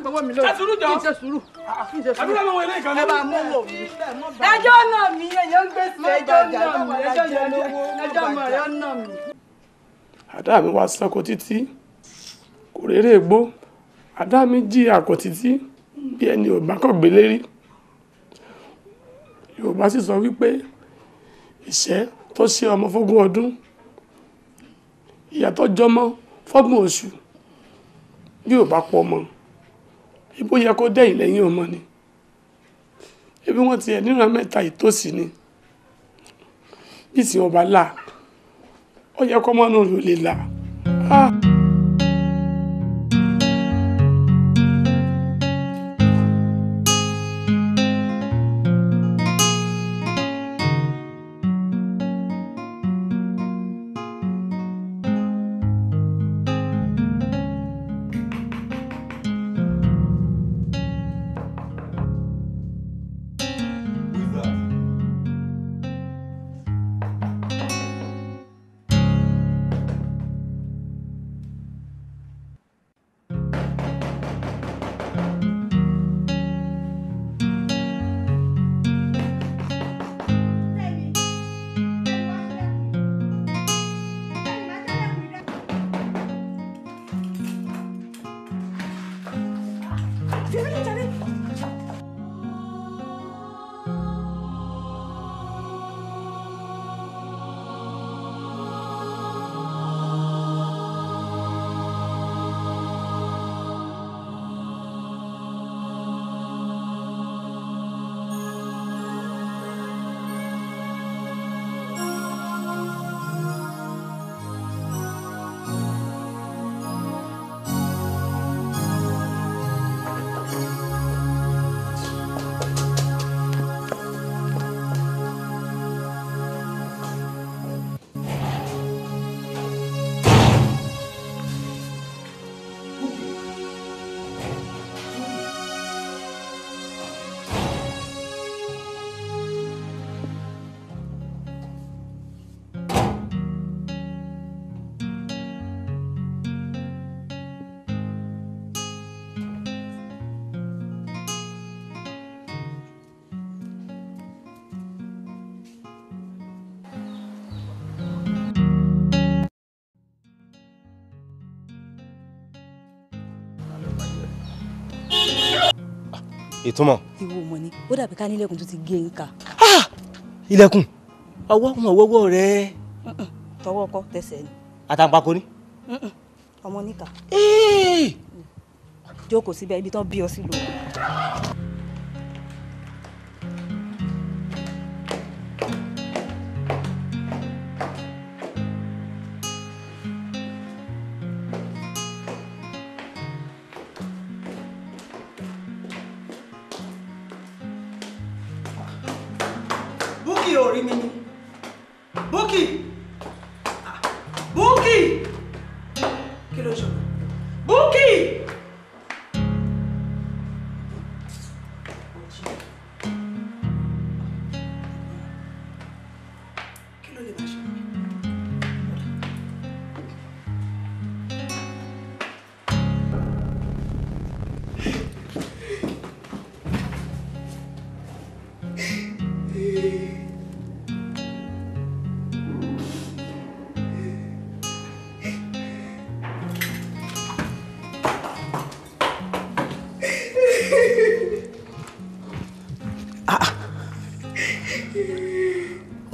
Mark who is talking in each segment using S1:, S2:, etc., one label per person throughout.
S1: gbọ́wọ́ mi lórí kí n ṣe sùúrù ah, kí n ṣe sùúrù ẹ bá mú wò
S2: mí. ẹjọ́ náà
S1: mi èèyàn ń gbèsè ẹjọ́ náà mi ẹjọ́ yẹn lówó ẹjọ́ mọ̀ ẹ̀yọ́ náà mi.
S2: àdá mi wá sanko títí kò réré egbó àdá mi jí àkọ́ títí bí ẹni ò bá kàn gbé lérí yorùbá sì sọ wípé ìṣẹ́ tó ṣe ọmọ fógún ọdún ìyà tó jọmọ fọ́gbọ̀n oṣù bí ò bá pọ̀ mọ́ ibo yẹ kó dẹ́yìn lẹ́yìn ọmọ ni ebi wọ́n ti ẹ̀ níran mẹ́ta ìtòsí ni bí ìsìn ọba là ó yẹ kọ́mọ́nù rẹ̀ ò lè là. Ah. ìtumọ̀.
S1: ìwọ mọ̀ ni ó dàbí ká nílẹ̀kùn tó ti gé e ká. Ah!
S2: ilẹ̀kùn ọwọ́ ọmọ ọwọ́ rẹ.
S1: tọwọ́ kọ́ tẹsẹ̀ ni. àtàǹpàkò ni. ọmọ níkà. jókòó síbẹ̀ ibi tán bí ọ sí lò. rí orí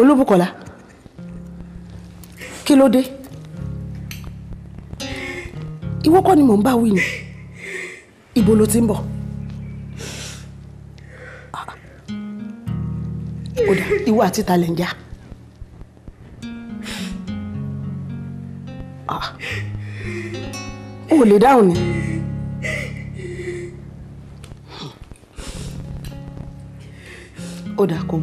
S1: Olúbùkọ́lá kí ló dé ìwọ kọ́ ni mò ń bá wí ni ibo ló ti ń bọ̀ kódà ìwọ àti ta ń jà ah, o lè dáhùn ni. ó dà kó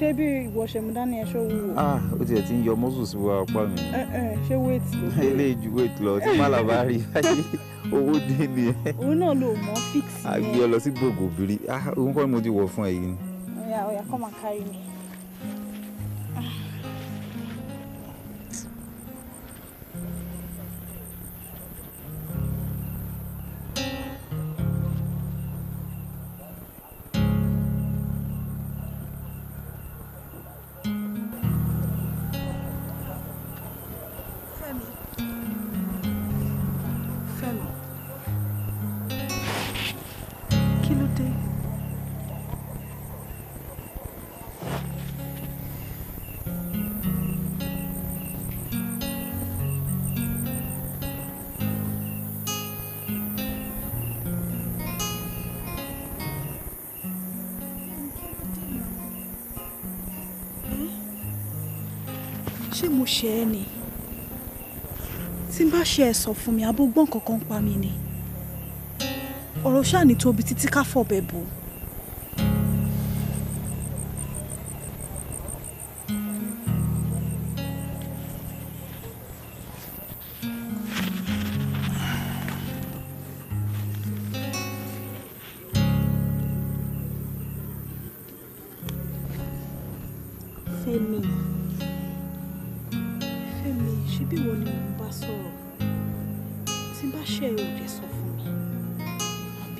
S1: ṣé bí ìwọ ṣẹ̀mú dání wúwo. ah
S2: ó tiẹ̀ ti ń yọ mọ́sùn sí wa ọ̀pá mi.
S1: Eh, eh, ṣé wait ló kọ. eléyìí
S2: ju wait lọ tí màlàbá rí báyìí owó dé ni. òun
S1: náà ló mọ fix. àgbẹ̀
S2: lọ sí gbogbo obìnrin ah òun kọ́ ni mo ti wọ̀ fún ẹ̀yin.
S1: ọ̀yà ọ̀yà kọ́ máa kárí mi. ṣé mo ṣe ẹ́ ni tí n bá ṣe ẹ̀ sọ fún mi abó gbọ́n kankan pa mi ni ọ̀rọ̀ ṣáà ní tóbi títí ká fọ̀bẹ bò ó.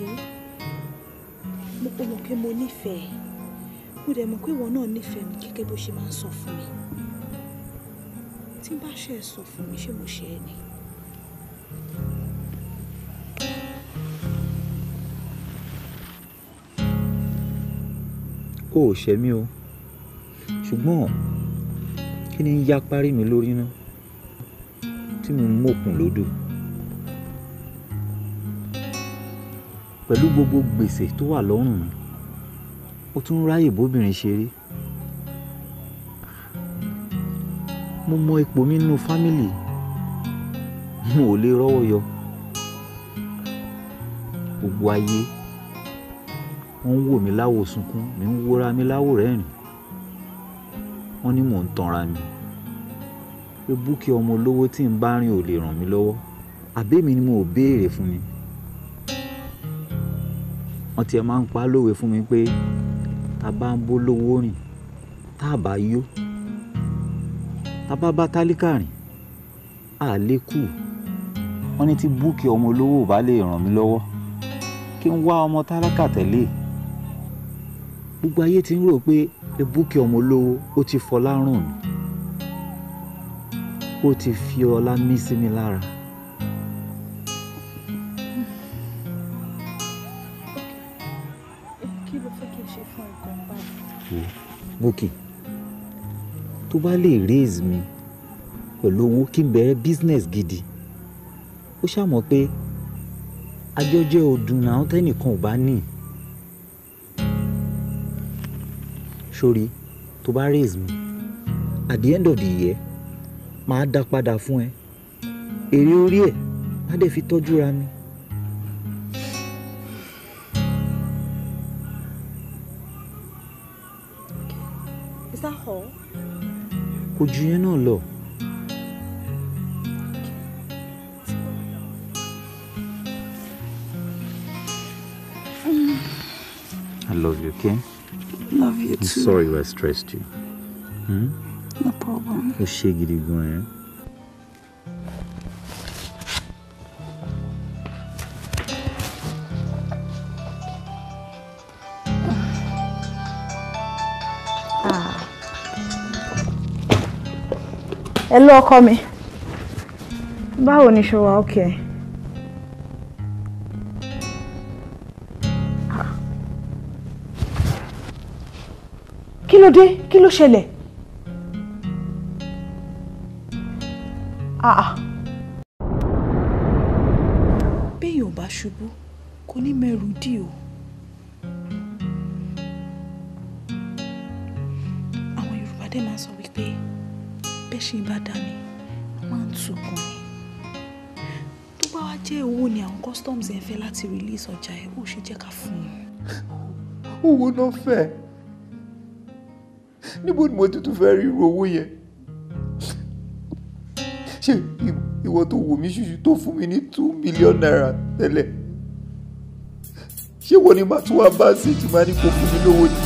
S1: àbí? Mo kò mọ̀ pé mo nífẹ̀ẹ́. Mo dẹ̀ mọ̀ pé ìwọ náà nífẹ̀ẹ́ mi gẹ́gẹ́ bí ṣe máa ń sọ fún mi. Tí bá ṣe ẹ sọ fún mi, ṣé mo ṣe ẹ ni?
S2: O ò ṣẹ̀ o. Ṣùgbọ́n kí ni yá parí mi lórí ná tí mo ń lódò? pẹ̀lú gbogbo gbèsè tó wà lọ́rùn mi ó tún ráyè bóbìnrin ṣeré mo mọ ipò mi nínú fámìlì mo ò lè rọ́wọ́ yọ gbogbo ayé wọ́n ń wò mí láwò sunkún mi ń wòra mi láwò rẹ́rìn wọ́n ní mò ń tanra mi pé búkì ọmọ olówó tí ń bá rìn ò lè ràn mí lọ́wọ́ àbẹ́mi ni mo ò béèrè fún ni wọ́n tiẹ̀ máa ń pa lówe fún mi pé tá a bá ń bó lówó rìn tá a bá yó tá a bá bá tálíkà rìn á lè kù wọ́n ní tí búùkì ọmọ olówó ò bá lè ràn mí lọ́wọ́ kí n wá ọmọ tálákà tẹ̀lé gbogbo ayé ti ń rò pé ebúkì ọmọ olówó ó ti fọlá rùn mí ó ti fi ọlá mí sí mi lára. Mókè tó bá lè raise mi pẹ̀lú owó kí n bẹ̀rẹ̀ business gidi ó ṣàmọ̀ pé ajọ́jẹ́ ọdún àwọn tẹ́nìkan ò bá ní sórí tó bá raise mi at the end of the year máa dá padà fún ẹ èrè orí ẹ̀ má dẹ̀ fi tọ́jú ra mi. Is that all? Kò ju yẹn náà I love you, okay? Love you too. I'm sorry I stressed you. Hmm? No problem. O ṣe gidi gan-an. Eh?
S1: ẹ lọ ọkọ mi báwo ni ṣe wà ókè kí ló dé kí ló ṣẹlẹ̀ ah, ah. béèyàn ò bá ṣubú kò ní mẹrù dì o. àwọn Yorùbá dé máa sọ ṣe bá dà mí máa ń tukùn ni tó bá wá jẹ́ owó ni àwọn customs ẹ̀ fẹ́ láti release ọjà ẹ̀ ó ṣe jẹ́ ká fún un.
S2: owó náà fẹ́ níbo ni mo tuntun fẹ́ rí irú owó yẹn ṣé ìwọ tó wò mí ṣùṣù tó fún mi ní two million naira tẹ́lẹ̀ ṣé wọ́n ní màá tún wá bá ṣèjì máa ní kó fún mi lówó ni.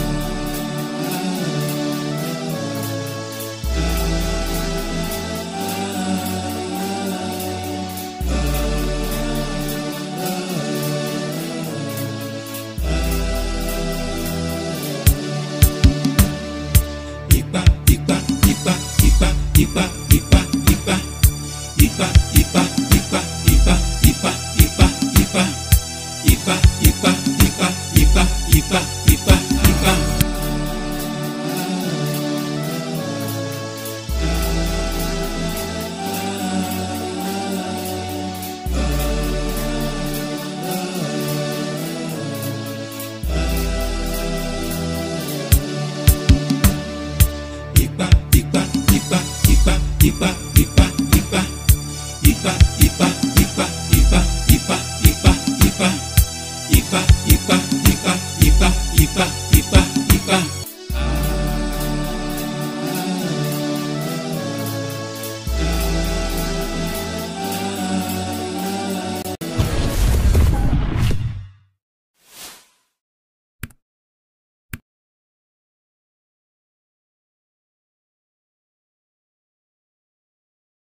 S2: Ipa, Ipa, Ipa, Ipa, Ipa.